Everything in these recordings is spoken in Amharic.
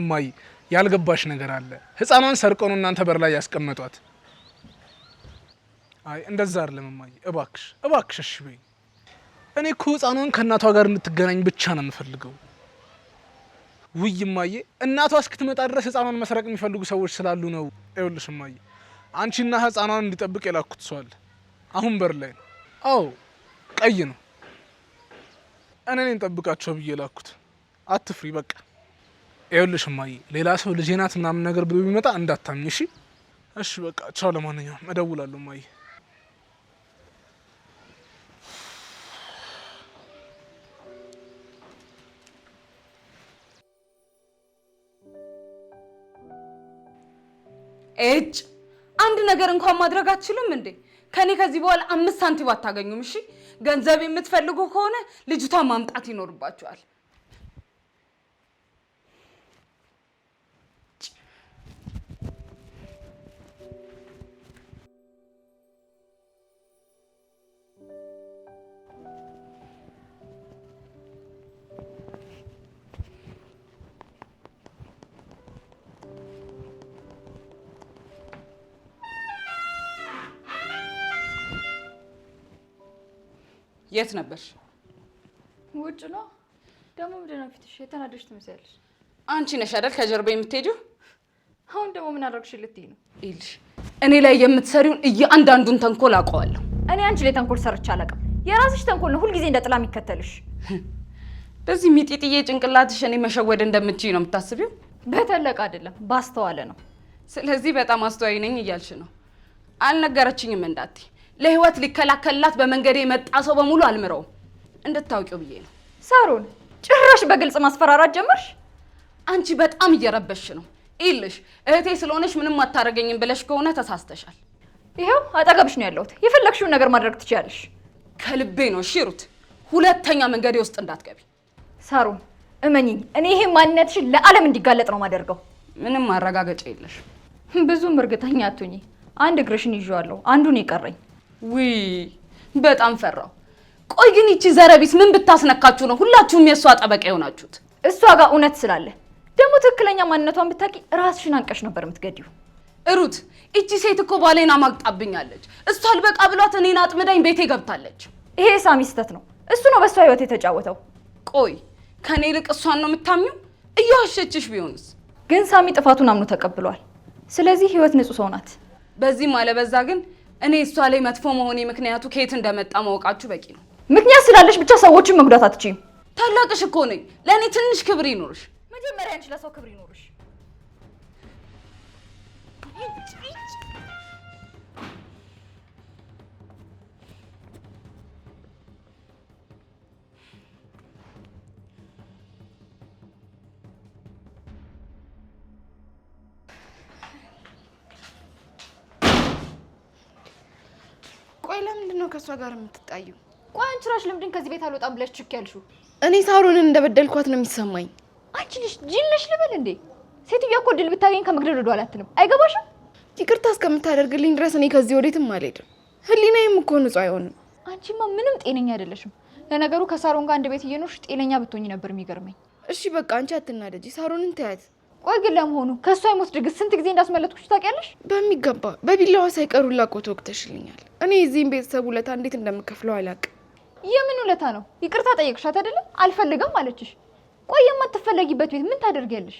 እማይ ያልገባሽ ነገር አለ። ህፃኗን ሰርቀው ነው እናንተ በር ላይ ያስቀመጧት። አይ እንደዛ አይደለም እማይ፣ እባክሽ እባክሽ፣ እሺ በይ። እኔ እኮ ህፃኗን ከእናቷ ጋር እንድትገናኝ ብቻ ነው የምፈልገው። ውይ እማዬ፣ እናቷ እስክትመጣ ድረስ ህፃኗን መስረቅ የሚፈልጉ ሰዎች ስላሉ ነው። ይኸውልሽ እማዬ፣ አንቺና ህፃኗን እንዲጠብቅ የላኩት ሰዋል። አሁን በር ላይ ነው። አዎ ቀይ ነው። እኔ እኔን ጠብቃቸው ብዬ የላኩት። አትፍሪ በቃ ይኸውልሽ እማዬ ሌላ ሰው ልጄ ናት ምናምን ነገር ብሎ ቢመጣ እንዳታምኝ። እሺ፣ እሺ፣ በቃ ቻው። ለማንኛውም እደውላለሁ እማዬ። እጅ አንድ ነገር እንኳን ማድረግ አትችልም እንዴ? ከኔ ከዚህ በኋላ አምስት ሳንቲም አታገኙም። እሺ፣ ገንዘብ የምትፈልጉ ከሆነ ልጅቷ ማምጣት ይኖርባችኋል። የት ነበርሽ? ውጭ ነው። ደግሞ ምንድን ነው ፊትሽ? የተናደድሽ ትመስያለሽ። አንቺ ነሽ አይደል ከጀርባ የምትሄጂው? አሁን ደግሞ ምን አደረግሽ ልትይ ነው? ይኸውልሽ እኔ ላይ የምትሰሪውን እያንዳንዱን ተንኮል አውቀዋለሁ። እኔ አንቺ ላይ ተንኮል ሰርቼ አላውቅም። የራስሽ ተንኮል ነው ሁልጊዜ እንደ ጥላ የሚከተልሽ። በዚህ ሚጢጥዬ ጭንቅላትሽ እኔ መሸወድ እንደምትይ ነው የምታስቢው? በተለቀ አይደለም ባስተዋለ ነው። ስለዚህ በጣም አስተዋይ ነኝ እያልሽ ነው። አልነገረችኝም እንዳትይ ለህይወት ሊከላከልላት በመንገድ የመጣ ሰው በሙሉ አልምረው እንድታውቂው ብዬ ነው። ሳሮን፣ ጭራሽ በግልጽ ማስፈራራት ጀመርሽ። አንቺ በጣም እየረበሽ ነው። ይልሽ እህቴ ስለሆነሽ ምንም አታደርገኝም ብለሽ ከሆነ ተሳስተሻል። ይኸው አጠገብሽ ነው ያለሁት። የፈለግሽውን ነገር ማድረግ ትችያለሽ። ከልቤ ነው። ሺሩት ሁለተኛ መንገዴ ውስጥ እንዳትገቢ። ሳሮን፣ እመኚኝ፣ እኔ ይሄ ማንነትሽን ለዓለም እንዲጋለጥ ነው ማደርገው። ምንም ማረጋገጫ የለሽ። ብዙም እርግጠኛ አትሁኚ። አንድ እግርሽን ይዤዋለሁ፣ አንዱን ይቀረኝ። ውይ በጣም ፈራው። ቆይ ግን ይቺ ዘረቢት ምን ብታስነካችሁ ነው ሁላችሁም የእሷ ጠበቃ የሆናችሁት? እሷ ጋር እውነት ስላለ ደግሞ ትክክለኛ ማንነቷን ብታውቂ ራስሽን አንቀሽ ነበር የምትገዲው። ሩት እቺ ሴት እኮ ባሌን አማግጣብኛለች። እሷ አልበቃ ብሏት እኔን አጥምዳኝ ቤቴ ገብታለች። ይሄ የሳሚ ስህተት ነው። እሱ ነው በእሷ ህይወት የተጫወተው። ቆይ ከእኔ ይልቅ እሷን ነው የምታምኙ? እየዋሸችሽ ቢሆንስ? ግን ሳሚ ጥፋቱን አምኖ ተቀብሏል። ስለዚህ ህይወት ንጹህ ሰው ናት። በዚህም አለበዛ ግን እኔ እሷ ላይ መጥፎ መሆኔ ምክንያቱ ከየት እንደመጣ ማወቃችሁ በቂ ነው። ምክንያት ስላለሽ ብቻ ሰዎችን መጉዳት አትችይም። ታላቅሽ እኮ ነኝ። ለእኔ ትንሽ ክብር ይኖርሽ። መጀመሪያ አንቺ ለሰው ክብር ይኖርሽ። ለምንድን ነው ከእሷ ጋር የምትጣዩ? ቆይ አንቺ እራስሽ ለምንድን ከዚህ ቤት አልወጣም ብለሽ ችክ ያልሹ እኔ ሳሮንን እንደበደልኳት ነው የሚሰማኝ። አንቺ ልጅ ጅል ነሽ ልበል እንዴ? ሴትዮዋ እኮ ድል ብታገኝ ከመግደል ወደ ኋላ አትልም። አይገባሽም? ይቅርታ እስከምታደርግልኝ ድረስ እኔ ከዚህ ወዴትም አልሄድም። ህሊናዬም እኮ ንጹህ አይሆንም። አንቺማ ምንም ጤነኛ አይደለሽም። ለነገሩ ከሳሮን ጋር አንድ ቤት እየኖርሽ ጤነኛ ብትሆኝ ነበር የሚገርመኝ። እሺ በቃ አንቺ አትናደጂ። ሳሮንን ተያት። ቆይ ግን ለመሆኑ ከእሱ አይሞት ድግስ ስንት ጊዜ እንዳስመለጥኩሽ ታውቂያለሽ? በሚገባ በቢላዋ ሳይቀሩ ላቆት ወቅተሽልኛል። እኔ የዚህም ቤተሰብ ውለታ እንዴት እንደምከፍለው አላውቅም። የምን ውለታ ነው? ይቅርታ ጠየቅሻት አይደለም? አልፈልግም አለችሽ። ቆይ የማትፈለጊበት ቤት ምን ታደርጊያለሽ?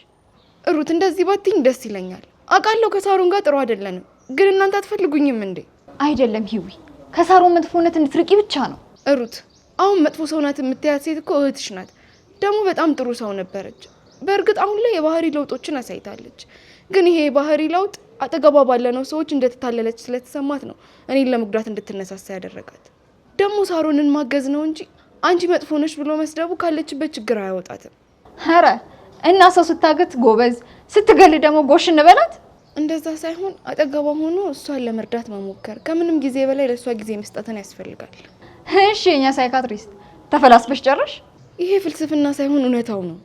ሩት እንደዚህ ባትኝ ደስ ይለኛል። አውቃለሁ ከሳሩን ጋር ጥሩ አይደለንም፣ ግን እናንተ አትፈልጉኝም እንዴ? አይደለም ሂዊ፣ ከሳሩን መጥፎነት እንድትርቂ ብቻ ነው። ሩት አሁን መጥፎ ሰው ናት የምትያት ሴት እኮ እህትሽ ናት። ደግሞ በጣም ጥሩ ሰው ነበረች። በእርግጥ አሁን ላይ የባህሪ ለውጦችን አሳይታለች። ግን ይሄ የባህሪ ለውጥ አጠገቧ ባለነው ሰዎች እንደተታለለች ስለተሰማት ነው እኔን ለመጉዳት እንድትነሳሳ ያደረጋት። ደግሞ ሳሮንን ማገዝ ነው እንጂ አንቺ መጥፎ ነሽ ብሎ መስደቡ ካለችበት ችግር አያወጣትም። ኧረ እና ሰው ስታገት ጎበዝ፣ ስትገል ደግሞ ጎሽ እንበላት። እንደዛ ሳይሆን አጠገቧ ሆኖ እሷን ለመርዳት መሞከር፣ ከምንም ጊዜ በላይ ለእሷ ጊዜ መስጠትን ያስፈልጋል። እሺ የኛ ሳይካትሪስት ተፈላስፈሽ ጨረሽ? ይሄ ፍልስፍና ሳይሆን እውነታው ነው።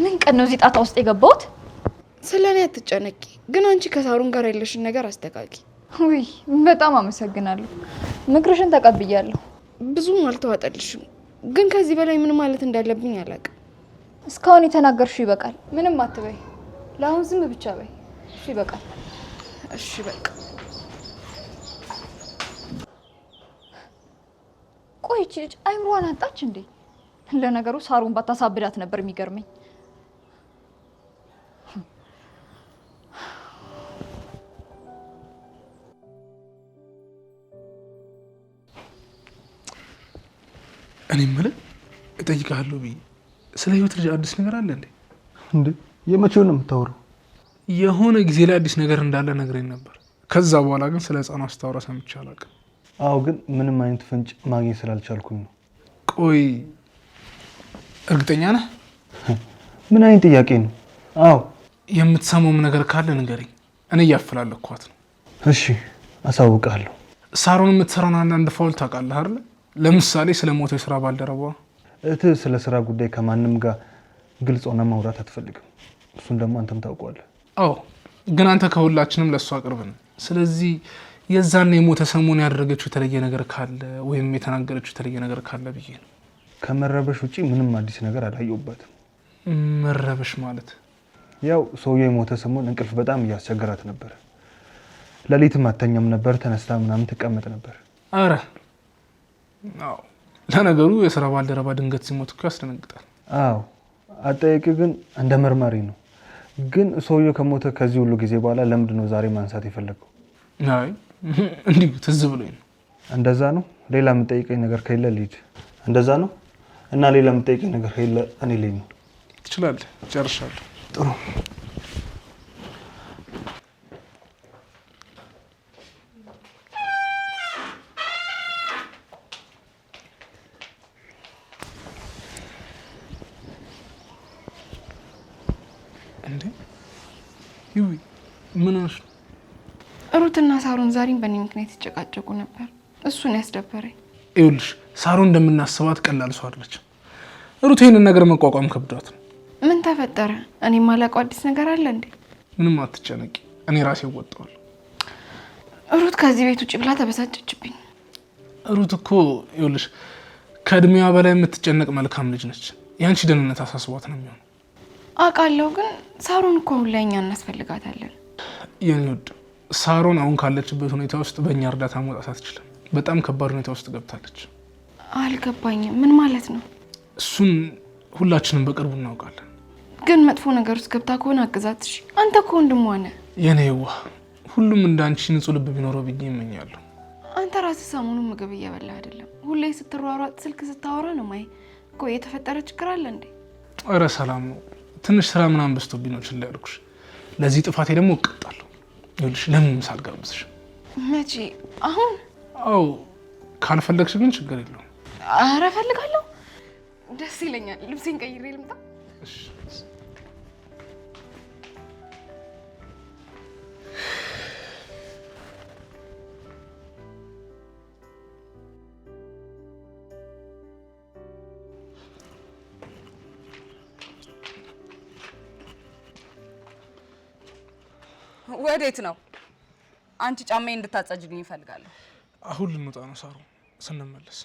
ምን ቀን ነው እዚህ ጣጣ ውስጥ የገባሁት? ስለ እኔ አትጨነቂ፣ ግን አንቺ ከሳሩን ጋር የለሽን ነገር አስተካኪ። ውይ በጣም አመሰግናለሁ፣ ምክርሽን ተቀብያለሁ። ብዙም አልተዋጠልሽም፣ ግን ከዚህ በላይ ምን ማለት እንዳለብኝ አላቅ እስካሁን የተናገርሽው ይበቃል። ምንም አትበይ፣ ለአሁን ዝም ብቻ በይ። እሺ ይበቃል። እሺ በቃ። ቆይ ይቺ ልጅ አጣች እንዴ? ለነገሩ ሳሩን ባታሳብዳት ነበር የሚገርመኝ። እኔ የምልህ እጠይቅሃለሁ ብዬ ስለ ህይወት ልጅ አዲስ ነገር አለ እንዴ? እንዴ የመቼውን ነው የምታወራው? የሆነ ጊዜ ላይ አዲስ ነገር እንዳለ ነግረኝ ነበር። ከዛ በኋላ ግን ስለ ህፃኗ ስታወራ ሰምቼ አላውቅም። አዎ፣ ግን ምንም አይነት ፍንጭ ማግኘት ስላልቻልኩኝ ነው። ቆይ እርግጠኛ ነህ? ምን አይነት ጥያቄ ነው? አዎ፣ የምትሰማውም ነገር ካለ ንገረኝ። እኔ እያፈላለኳት ነው። እሺ፣ አሳውቃለሁ። ሳሮን የምትሰራውን አንዳንድ ፋውል ታውቃለህ አይደለ? ለምሳሌ ስለ ሞተው የስራ ባልደረባ እህትህ ስለ ስራ ጉዳይ ከማንም ጋር ግልጽ ሆነ ማውራት አትፈልግም። እሱን ደግሞ አንተም ታውቀዋለህ። አዎ፣ ግን አንተ ከሁላችንም ለእሱ አቅርብን። ስለዚህ የዛን የሞተ ሰሞን ያደረገችው የተለየ ነገር ካለ ወይም የተናገረችው የተለየ ነገር ካለ ብዬ ነው። ከመረበሽ ውጭ ምንም አዲስ ነገር አላየሁበትም። መረበሽ ማለት ያው ሰውየው የሞተ ሰሞን እንቅልፍ በጣም እያስቸገራት ነበር። ሌሊትም አተኛም ነበር። ተነስታ ምናምን ትቀመጥ ነበር። አረ ለነገሩ የስራ ባልደረባ ድንገት ሲሞት እኮ ያስደነግጣል። አዎ አጠያቂ ግን እንደ መርማሪ ነው። ግን ሰውየው ከሞተ ከዚህ ሁሉ ጊዜ በኋላ ለምንድን ነው ዛሬ ማንሳት የፈለገው? አይ እንዲሁ ትዝ ብሎኝ ነው። እንደዛ ነው። ሌላ የምጠይቀኝ ነገር ከሌለ ልሂድ። እንደዛ ነው እና ሌላ የምጠይቀኝ ነገር ከሌለ እኔ ልሂድ ነው። ትችላለህ። ጨርሻለሁ። ጥሩ ሩትና ሳሮን ዛሬም በእኔ ምክንያት ይጨቃጨቁ ነበር። እሱን ያስደበረኝ። ይኸውልሽ ሳሮን እንደምናስባት ቀላል ሰው አለች። ሩት ይህንን ነገር መቋቋም ከብዷት ምን ተፈጠረ? እኔ ማላውቀው አዲስ ነገር አለ እንዴ? ምንም አትጨነቂ፣ እኔ ራሴ እወጣዋለሁ። ሩት ከዚህ ቤት ውጭ ብላ ተበሳጨችብኝ። ሩት እኮ ይኸውልሽ ከእድሜዋ በላይ የምትጨነቅ መልካም ልጅ ነች። የአንቺ ደህንነት አሳስቧት ነው የሚሆነው። አውቃለሁ፣ ግን ሳሮን እኮ ሁን ላይ እኛ እናስፈልጋታለን የኔ ውድ ሳሮን አሁን ካለችበት ሁኔታ ውስጥ በእኛ እርዳታ መውጣት አትችልም። በጣም ከባድ ሁኔታ ውስጥ ገብታለች። አልገባኝም። ምን ማለት ነው? እሱን ሁላችንም በቅርቡ እናውቃለን። ግን መጥፎ ነገር ውስጥ ገብታ ከሆነ አግዛትሽ። አንተ እኮ ወንድም ሆነ የኔ ዋ ሁሉም እንደ አንቺ ንጹህ ልብ ቢኖረው ብዬ ይመኛሉ። አንተ ራስህ ሰሞኑን ምግብ እየበላ አይደለም? ሁሌ ስትሯሯጥ ስልክ ስታወራ ነው ማይ። ቆይ የተፈጠረ ችግር አለ እንዴ? ኧረ ሰላም ነው። ትንሽ ስራ ምናምን በዝቶብኝ ነው ችላ ያልኩሽ። ለዚህ ጥፋቴ ደግሞ እቀጣለሁ። ይኸውልሽ ለምን ሳልጋብዝሽ? መቼ? አሁን? አዎ። ካልፈለግሽ ግን ችግር የለውም። ኧረ እፈልጋለሁ። ደስ ይለኛል። ልብሴን ቀይሬ ልምጣ። ወዴት ነው? አንቺ ጫማዬ እንድታጸጅልኝ እፈልጋለሁ። አሁን ልንወጣ ነው ሳሩ፣ ስንመለስ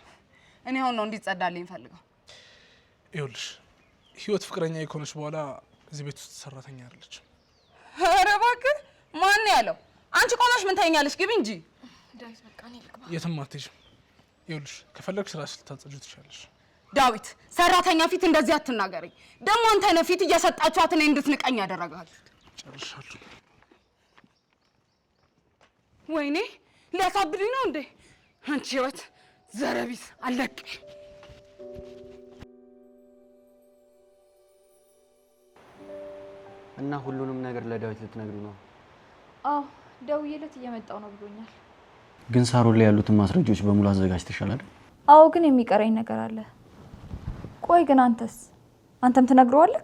እኔ አሁን ነው እንዲጸዳልኝ እፈልገው። ይኸውልሽ ህይወት ፍቅረኛ የኮነች በኋላ እዚህ ቤት ውስጥ ሰራተኛ አይደለች። ኧረ እባክህ ማን ያለው? አንቺ ቆመሽ ምን ታኛለሽ? ግቢ እንጂ የትም አትሄጂም። ይኸውልሽ ከፈለግሽ ስራሽ ልታጸጁ ትችላለሽ። ዳዊት ሰራተኛ ፊት እንደዚህ አትናገረኝ። ደግሞ አንተ ነህ ፊት እየሰጣችኋት እኔ እንድትንቀኝ ያደረጋችሁት። ጨርሻለሁ። ወይኔ ሊያሳብድኝ ነው እንዴ? አንቺ ህይወት ዘረቢስ አለቅ እና ሁሉንም ነገር ለዳዊት ልትነግሪው ነው? አዎ ደውዬለት እየመጣው ነው ብሎኛል። ግን ሳሮን ላይ ያሉትን ማስረጃዎች በሙሉ አዘጋጅተሻል አይደል? አዎ፣ ግን የሚቀረኝ ነገር አለ። ቆይ ግን አንተስ? አንተም ትነግረዋለህ?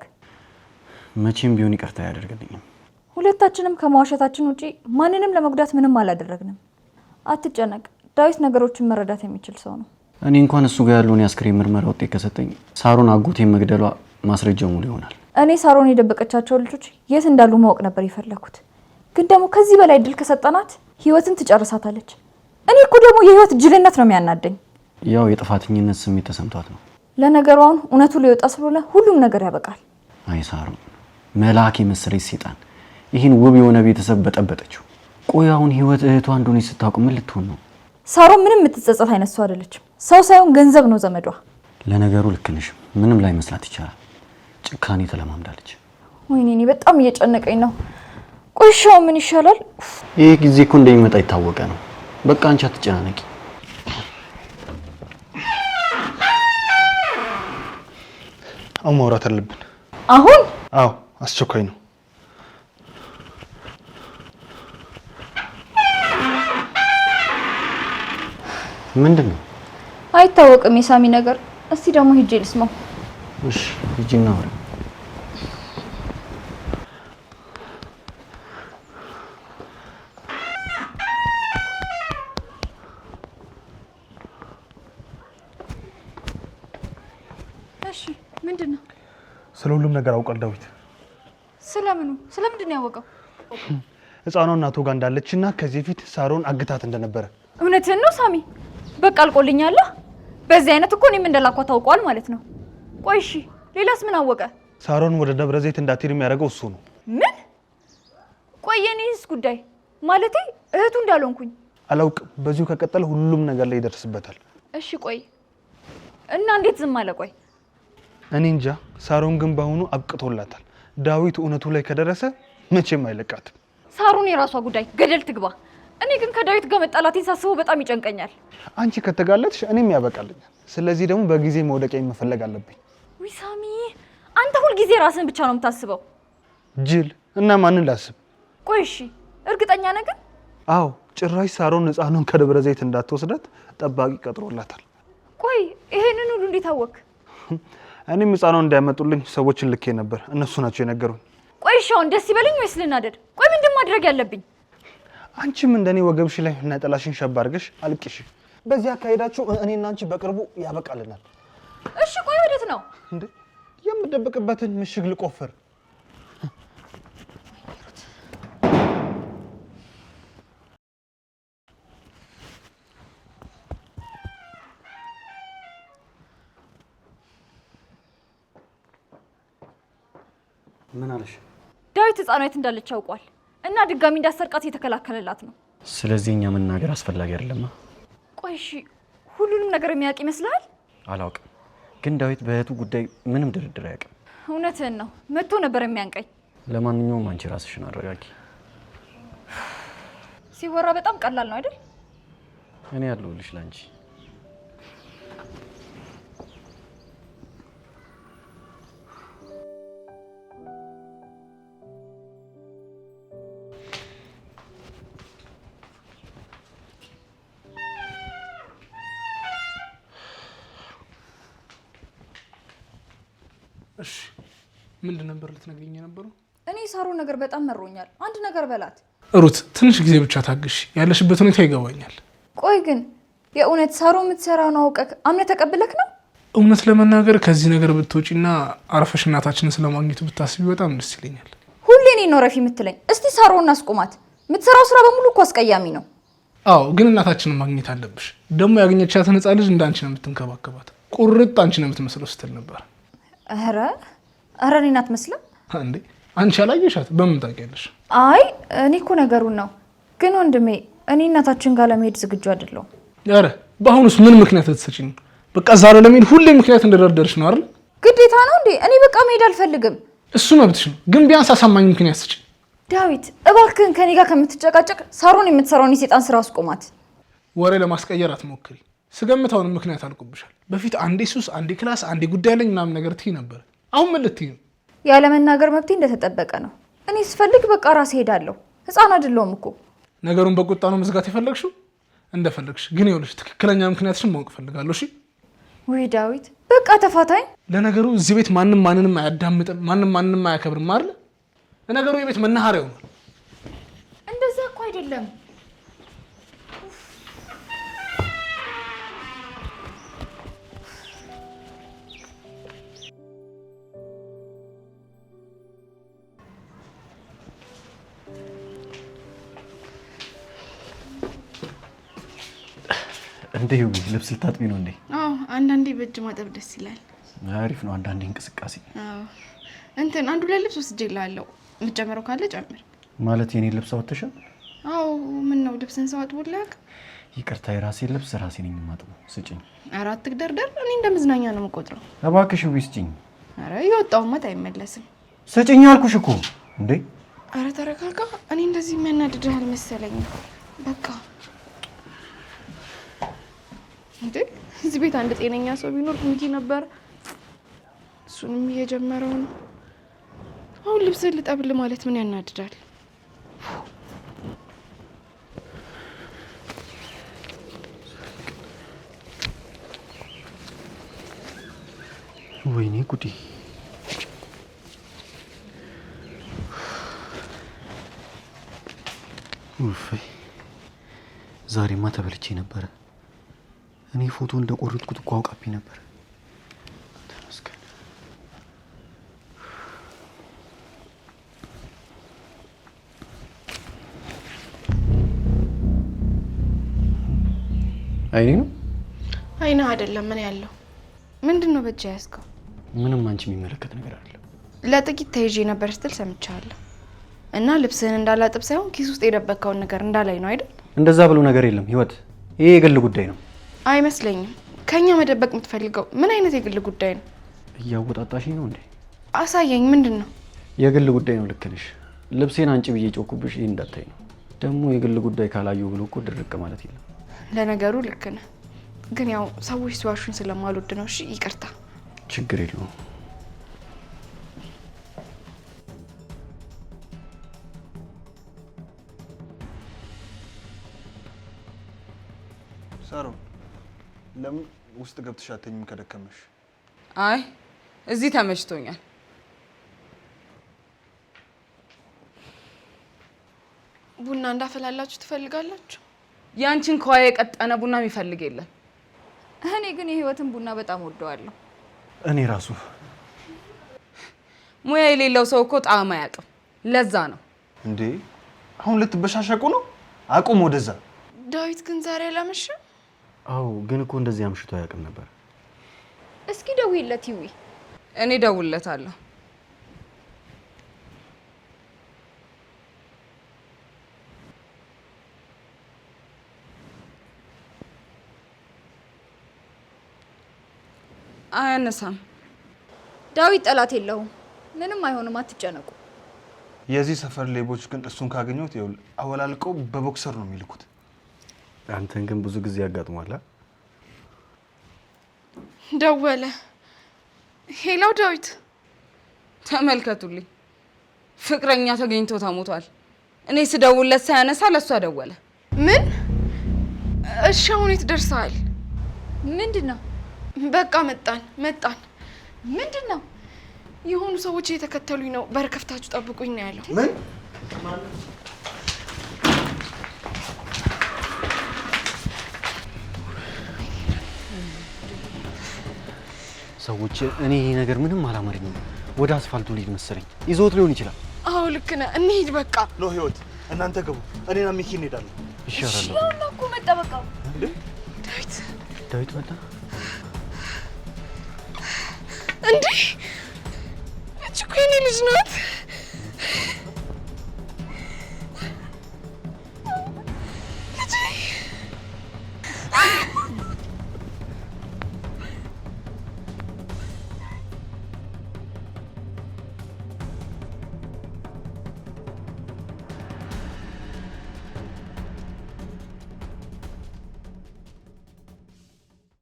መቼም ቢሆን ይቅርታ አያደርግልኝም። ሁለታችንም ከማዋሸታችን ውጪ ማንንም ለመጉዳት ምንም አላደረግንም። አትጨነቅ፣ ዳዊት ነገሮችን መረዳት የሚችል ሰው ነው። እኔ እንኳን እሱ ጋር ያለውን የአስክሬን ምርመራ ውጤት ከሰጠኝ ሳሮን አጎቴ መግደሏ ማስረጃ ሙሉ ይሆናል። እኔ ሳሮን የደበቀቻቸው ልጆች የት እንዳሉ ማወቅ ነበር የፈለኩት። ግን ደግሞ ከዚህ በላይ እድል ከሰጠናት ህይወትን ትጨርሳታለች። እኔ እኮ ደግሞ የህይወት ጅልነት ነው የሚያናደኝ። ያው የጥፋተኝነት ስሜት ተሰምቷት ነው። ለነገሩ አሁን እውነቱ ሊወጣ ስለሆነ ሁሉም ነገር ያበቃል። አይ ሳሮን መልአክ የመሰለች ሴጣን ይህን ውብ የሆነ ቤተሰብ በጠበጠችው። ቆይ አሁን ህይወት እህቷ እንደሆነች ስታውቅ ምን ልትሆን ነው? ሳሮን ምንም የምትጸጸት አይነት ሰው አይደለችም። ሰው ሳይሆን ገንዘብ ነው ዘመዷ። ለነገሩ ልክ ነሽ፣ ምንም ላይ መስላት ይቻላል። ጭካኔ ተለማምዳለች። ወይኔ እኔ በጣም እየጨነቀኝ ነው። ቆሻው ምን ይሻላል? ይህ ጊዜ እኮ እንደሚመጣ የታወቀ ነው። በቃ አንቺ አትጨናነቂ። አሁን ማውራት አለብን። አሁን? አዎ አስቸኳይ ነው። ምንድን ነው? አይታወቅም የሳሚ ነገር። እስቲ ደግሞ ሂጄ ልስማው። እሺ ሂጂ እናውራ። እሺ ምንድን ነው? ስለ ሁሉም ነገር አውቃል ዳዊት። ስለምኑ? ስለምንድን ነው ያወቀው? ህፃኗ እናቶ ጋር እንዳለች እና ከዚህ ፊት ሳሮን አግታት እንደነበረ። እውነትህን ነው ሳሚ? በቃ አልቆልኛል። በዚህ አይነት እኮ እኔም እንደላኳ ታውቀዋል ማለት ነው። ቆይ እሺ፣ ሌላስ ምን አወቀ? ሳሮን ወደ ደብረ ዘይት እንዳትሄድ የሚያደርገው እሱ ነው። ምን? ቆይ የኔስ ጉዳይ ማለቴ እህቱ እንዳልሆንኩኝ አላውቅም። በዚሁ ከቀጠለ ሁሉም ነገር ላይ ይደርስበታል። እሺ ቆይ እና እንዴት ዝም አለ? ቆይ እኔ እንጃ። ሳሮን ግን በአሁኑ አብቅቶላታል። ዳዊት እውነቱ ላይ ከደረሰ መቼም አይለቃትም። ሳሮን የራሷ ጉዳይ ገደል ትግባ። እኔ ግን ከዳዊት ጋር መጣላቴን ሳስበው በጣም ይጨንቀኛል። አንቺ ከተጋለጥሽ እኔም ያበቃልኛል። ስለዚህ ደግሞ በጊዜ መውደቂያ መፈለግ አለብኝ። ዊሳሚ፣ አንተ ሁልጊዜ ራስን ብቻ ነው የምታስበው። ጅል እና ማንን ላስብ? ቆይ እሺ፣ እርግጠኛ ነገር አዎ፣ ጭራሽ ሳሮን ህፃኑን ከደብረ ዘይት እንዳትወስደት ጠባቂ ቀጥሮላታል። ቆይ ይሄንን ሁሉ እንዴት አወቅ? እኔም ህፃኗን እንዳያመጡልኝ ሰዎችን ልኬ ነበር፣ እነሱ ናቸው የነገሩኝ። ቆይ እሺ፣ አሁን ደስ ይበለኝ ወይስ ልናደድ? ቆይ ምንድን ማድረግ ያለብኝ? አንቺም እንደኔ ወገብሽ ላይ ነጠላሽን ሸብ አድርገሽ አልቅሽ። በዚህ አካሄዳችሁ እኔና አንቺ በቅርቡ ያበቃልናል። እሺ ቆይ ወዴት ነው እንዴ? የምደብቅበትን ምሽግ ልቆፍር። ምን አለሽ? ዳዊት ህፃናዊት እንዳለች አውቋል። እና ድጋሚ እንዳሰርቃት እየተከላከለላት ነው። ስለዚህ እኛ መናገር አስፈላጊ አይደለማ። ቆይ እሺ፣ ሁሉንም ነገር የሚያውቅ ይመስላል አላውቅም፣ ግን ዳዊት በእህቱ ጉዳይ ምንም ድርድር አያውቅም። እውነትህን ነው፣ መጥቶ ነበር የሚያንቀኝ። ለማንኛውም አንቺ ራስሽን አረጋጊ። ሲወራ በጣም ቀላል ነው አይደል? እኔ ያለሁልሽ ለአንቺ እሺ ምንድን ነበር ልትነግሪኝ የነበረው? እኔ ሳሮን ነገር በጣም መሮኛል። አንድ ነገር በላት ሩት። ትንሽ ጊዜ ብቻ ታግሽ፣ ያለሽበት ሁኔታ ይገባኛል። ቆይ ግን የእውነት ሳሮ የምትሰራውን አውቀህ አምነህ ተቀብለክ ነው? እውነት ለመናገር ከዚህ ነገር ብትወጪና አረፈሽ እናታችንን ስለማግኘቱ ብታስቢ በጣም ደስ ይለኛል። ሁሌ እኔ ነው ረፊ የምትለኝ። እስቲ ሳሮ እናስቁማት። የምትሰራው ስራ በሙሉ እኮ አስቀያሚ ነው። አዎ ግን እናታችንን ማግኘት አለብሽ። ደግሞ ያገኘቻትን ህፃን ልጅ እንደ አንቺ ነው የምትንከባከባት። ቁርጥ አንቺ ነው የምትመስለው ስትል ነበር ኧረ ኧረ እኔን አትመስልም እንዴ አንቺ አላየሻት በምን ታውቂያለሽ አይ እኔ እኮ ነገሩን ነው ግን ወንድሜ እኔ እናታችን ጋር ለመሄድ ዝግጁ አይደለሁም ኧረ በአሁኑስ ምን ምክንያት ትሰጪኝ በቃ እዛ ለመሄድ ሁሌ ምክንያት እንደደረደርሽ ነው አይደል ግዴታ ነው እንዴ እኔ በቃ መሄድ አልፈልግም እሱ መብትሽ ነው ግን ቢያንስ አሳማኝ ምክንያት ስጪኝ ዳዊት እባክህን ከኔ ጋር ከምትጨቃጨቅ ሳሮን የምትሰራውን የሴጣን ስራ አስቆማት ወሬ ለማስቀየር አትሞክሪ ስገምተውን ምክንያት አልቁብሻል በፊት አንዴ ሱስ፣ አንዴ ክላስ፣ አንዴ ጉዳይ ላይ ምናምን ነገር ትይ ነበር። አሁን ምን ልትይ ነው? ያለመናገር መብቴ እንደተጠበቀ ነው። እኔ ስፈልግ በቃ ራሴ ሄዳለሁ። ህፃን አይደለሁም እኮ። ነገሩን በቁጣ ነው መዝጋት የፈለግሽው? እንደፈለግሽ ግን ይኸውልሽ፣ ትክክለኛ ምክንያትሽን ማወቅ እፈልጋለሁ። እሺ ወይ ዳዊት፣ በቃ ተፋታኝ። ለነገሩ እዚህ ቤት ማንም ማንንም አያዳምጥም፣ ማንም ማንንም አያከብርም አለ። ለነገሩ የቤት መናኸሪያ ሆኗል። እንደዛ እኮ አይደለም እንዴ ልብስ ልታጥቢ ነው እንዴ? አዎ፣ አንዳንዴ በእጅ ማጠብ ደስ ይላል። አሪፍ ነው። አንዳንዴ እንቅስቃሴ። አዎ፣ እንትን አንዱ ላይ ልብስ ወስጄ እልሃለሁ። የምትጨምረው ካለ ጨምር። ማለት የኔ ልብስ አውጥተሻል? አዎ። ምን ነው ልብስን ሰው አጥቦልህ? ይቅርታ፣ የራሴ ልብስ ራሴ ነኝ የማጥበው። ስጭኝ። ኧረ አትግደርደር። እኔ እንደ መዝናኛ ነው የምቆጥረው። እባክሽ ውይ፣ ስጭኝ። ኧረ የወጣው መት አይመለስም። ስጭኝ አልኩሽ እኮ እንዴ። ኧረ ተረጋጋ። እኔ እንደዚህ የሚያናድድህ አልመሰለኝም። በቃ እንዴ እዚህ ቤት አንድ ጤነኛ ሰው ቢኖር እንጂ ነበር። እሱንም እየጀመረው ነው። አሁን ልብስ ልጠብል ማለት ምን ያናድዳል? ወይኔ ጉዴ! ዛሬማ ተበልቼ ነበረ። እኔ ፎቶ እንደቆረጥኩት እኮ አውቃብኝ ነበር። አይኔ ነው አይና አይደለም። ምን ያለው ምንድን ነው በእጅ ያዝከው? ምንም አንቺ የሚመለከት ነገር አለ ለጥቂት ተይዤ ነበር ስትል ሰምቻለሁ። እና ልብስህን እንዳላጥብ ሳይሆን ኪስ ውስጥ የደበከውን ነገር እንዳላይ ነው አይደል? እንደዛ ብሎ ነገር የለም ህይወት፣ ይሄ የግል ጉዳይ ነው። አይመስለኝም። ከኛ መደበቅ የምትፈልገው ምን አይነት የግል ጉዳይ ነው? እያወጣጣሽኝ ነው እንዴ? አሳየኝ። ምንድን ነው የግል ጉዳይ ነው? ልክ ነሽ። ልብሴን አንጭ ብዬ ጮኩብሽ፣ ይህ እንዳታይ ነው። ደግሞ የግል ጉዳይ ካላዩ ብሎ እኮ ድርቅ ማለት የለም። ለነገሩ ልክ ነህ፣ ግን ያው ሰዎች ሲዋሹን ስለማልወድ ነው። እሺ ይቅርታ። ችግር የለውም። ሳሮ ለምን ውስጥ ገብተሽ አተኝም ከደከመሽ? አይ እዚህ ተመችቶኛል። ቡና እንዳፈላላችሁ ትፈልጋላችሁ? ያንቺን ከዋ የቀጠነ ቡና የሚፈልግ የለም። እኔ ግን የህይወትን ቡና በጣም ወደዋለሁ። እኔ ራሱ ሙያ የሌለው ሰው እኮ ጣዕም አያውቅም። ለዛ ነው እንዴ። አሁን ልትበሻሸቁ ነው? አቁም ወደዛ። ዳዊት ግን ዛሬ አላመሸም። አዎ ግን እኮ እንደዚህ አምሽቶ አያውቅም ነበር። እስኪ ደውይለት ይዊ። እኔ ደውልለታለሁ። አያነሳም። ዳዊት ጠላት የለውም። ምንም አይሆንም፣ አትጨነቁ። የዚህ ሰፈር ሌቦች ግን እሱን ካገኘሁት ይኸውልህ አወላልቀው በቦክሰር ነው የሚልኩት። አንተን ግን ብዙ ጊዜ ያጋጥሟላ። ደወለ። ሄላው ዳዊት፣ ተመልከቱልኝ ፍቅረኛ ተገኝቶ ተሞቷል። እኔ ስደውለት ሳያነሳ ለእሷ ደወለ። ምን? እሺ አሁን የት ደርሰሃል? ምንድን ነው? በቃ መጣን መጣን። ምንድን ነው? የሆኑ ሰዎች እየተከተሉኝ ነው። በር ከፍታችሁ ጠብቁኝ ነው ያለው። ምን ሰዎች እኔ ይሄ ነገር ምንም አላመረኝም፣ ወደ አስፋልቱ ልሂድ መሰለኝ። ይዞት ሊሆን ይችላል። አዎ ልክ ነህ፣ እንሂድ በቃ። ኖ ህይወት፣ እናንተ ግቡ፣ እኔና ሚኪ እንሄዳለን። ይሻላል። ይኸውልህ እኮ መጣ። በቃ ዳዊት፣ ዳዊት መጣ እንዴ! እች እኮ የኔ ልጅ ናት።